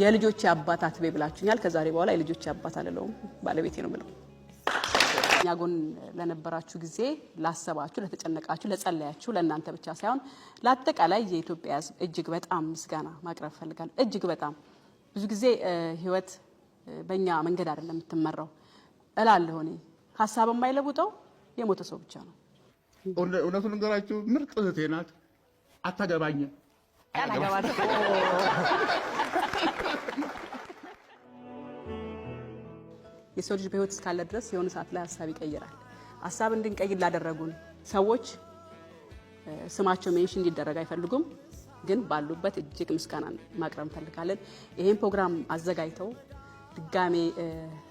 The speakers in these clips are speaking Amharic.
የልጆች አባት አትቤ ብላችሁኛል። ከዛሬ በኋላ የልጆች አባት አልለውም፣ ባለቤቴ ነው ብለው እኛ ጎን ለነበራችሁ ጊዜ፣ ላሰባችሁ፣ ለተጨነቃችሁ፣ ለጸለያችሁ ለእናንተ ብቻ ሳይሆን ለአጠቃላይ የኢትዮጵያ ሕዝብ እጅግ በጣም ምስጋና ማቅረብ እፈልጋለሁ። እጅግ በጣም ብዙ ጊዜ ህይወት በእኛ መንገድ አይደለም የምትመራው እላለሁ እኔ። ሀሳብ የማይለውጠው የሞተ ሰው ብቻ ነው። እውነቱን እንገራችሁ፣ ምርጥ እህቴ ናት። አታገባኝም የሰው ልጅ በህይወት እስካለ ድረስ የሆነ ሰዓት ላይ ሀሳብ ይቀይራል። ሀሳብ እንድንቀይር ላደረጉን ሰዎች ስማቸው ሜንሽን እንዲደረግ አይፈልጉም፣ ግን ባሉበት እጅግ ምስጋና ማቅረብ እንፈልጋለን። ይህን ፕሮግራም አዘጋጅተው ድጋሜ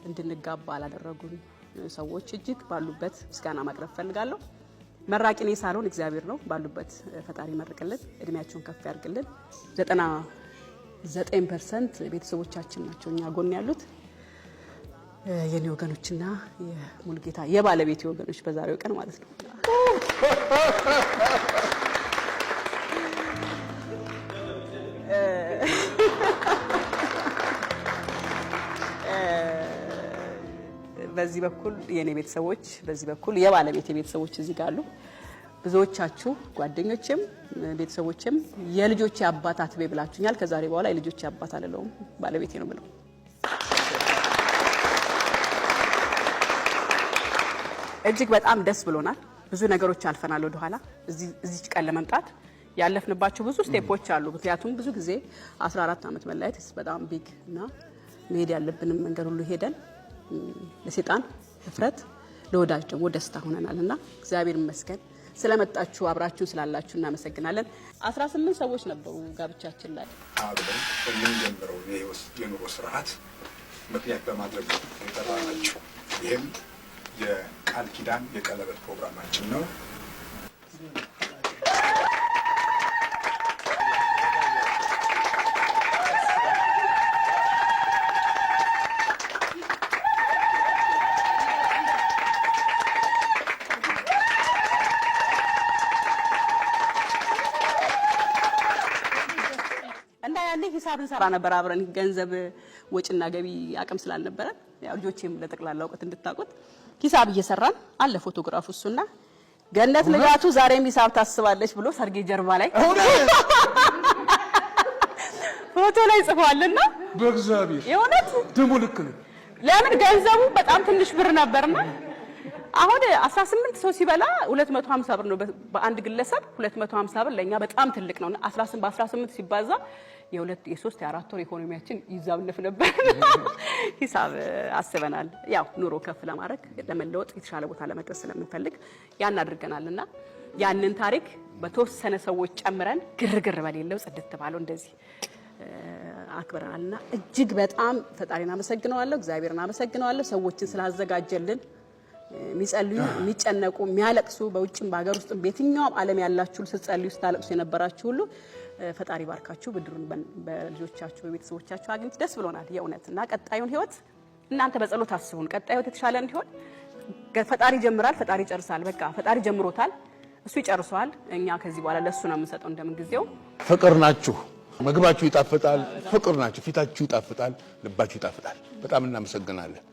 እንድንጋባ ላደረጉን ሰዎች እጅግ ባሉበት ምስጋና ማቅረብ እፈልጋለሁ። መራቂ እኔ ሳልሆን እግዚአብሔር ነው። ባሉበት ፈጣሪ መርቅልን፣ እድሜያቸውን ከፍ ያርግልን። ዘጠና ዘጠኝ ፐርሰንት ቤተሰቦቻችን ናቸው እኛ ጎን ያሉት። የኔ ወገኖችና የሙልጌታ የባለቤት ወገኖች በዛሬው ቀን ማለት ነው በዚህ በኩል የኔ ቤተሰቦች በዚህ በኩል የባለቤት የቤተሰቦች እዚህ ጋር አሉ። ብዙዎቻችሁ ጓደኞችም ቤተሰቦችም የልጆች አባት አትቤ ብላችሁኛል። ከዛሬ በኋላ የልጆች አባት አልለውም፣ ባለቤቴ ነው ብለው እጅግ በጣም ደስ ብሎናል። ብዙ ነገሮች አልፈናል። ወደኋላ እዚች ቀን ለመምጣት ያለፍንባቸው ብዙ ስቴፖች አሉ። ምክንያቱም ብዙ ጊዜ 14 ዓመት መለያየት በጣም ቢግ እና መሄድ ያለብንም መንገድ ሁሉ ሄደን ለሴጣን ህፍረት፣ ለወዳጅ ደግሞ ደስታ ሆነናል እና እግዚአብሔር ይመስገን ስለመጣችሁ አብራችሁን ስላላችሁ እናመሰግናለን። 18 ሰዎች ነበሩ ጋብቻችን ላይ አብረን የምንጀምረው የኑሮ ስርዓት ምክንያት በማድረግ የጠራናችሁ ይህም የቃል ኪዳን የቀለበት ፕሮግራማችን ነው። እና ሂሳብ እንሰራ ነበር አብረን ገንዘብ ወጪና ገቢ አቅም ስላልነበረ ልጆቼም ለጠቅላላ እውቀት እንድታውቁት ሂሳብ እየሰራን አለ ፎቶግራፍ እሱና ገነት ንጋቱ ዛሬም ሂሳብ ታስባለች ብሎ ሰርጌ ጀርባ ላይ ፎቶ ላይ ጽፏልና በእግዚአብሔር የእውነት ድሙ ልክ ነው። ለምን ገንዘቡ በጣም ትንሽ ብር ነበርና አሁን 18 ሰው ሲበላ 250 ብር ነው። በአንድ ግለሰብ 250 ብር ለኛ በጣም ትልቅ ነው። 18 በ18 ሲባዛ የሁለት የሶስት የአራት ወር ኢኮኖሚያችን ይዛብልፍ ነበር። ሂሳብ አስበናል። ያው ኑሮ ከፍ ለማድረግ ለመለወጥ፣ የተሻለ ቦታ ለመድረስ ስለምንፈልግ ያን አድርገናልና ያንን ታሪክ በተወሰነ ሰዎች ጨምረን ግርግር በሌለው ጽድት ባለው እንደዚህ አክብረናልና እጅግ በጣም ፈጣሪን አመሰግነዋለሁ፣ እግዚአብሔርን አመሰግነዋለሁ ሰዎችን ስላዘጋጀልን የሚጸልዩ የሚጨነቁ የሚያለቅሱ በውጭም በሀገር ውስጥ በየትኛውም ዓለም ያላችሁ ስትጸልዩ ስታለቅሱ የነበራችሁ ሁሉ ፈጣሪ ባርካችሁ ብድሩን በልጆቻችሁ በቤተሰቦቻችሁ አግኝት ደስ ብሎናል። የእውነት እና ቀጣዩን ህይወት እናንተ በጸሎት አስቡን። ቀጣዩ ህይወት የተሻለ እንዲሆን ፈጣሪ ጀምራል፣ ፈጣሪ ይጨርሳል። በቃ ፈጣሪ ጀምሮታል፣ እሱ ይጨርሰዋል። እኛ ከዚህ በኋላ ለእሱ ነው የምንሰጠው። እንደምን ጊዜው ፍቅር ናችሁ። ምግባችሁ ይጣፍጣል። ፍቅር ናችሁ። ፊታችሁ ይጣፍጣል። ልባችሁ ይጣፍጣል። በጣም እናመሰግናለን።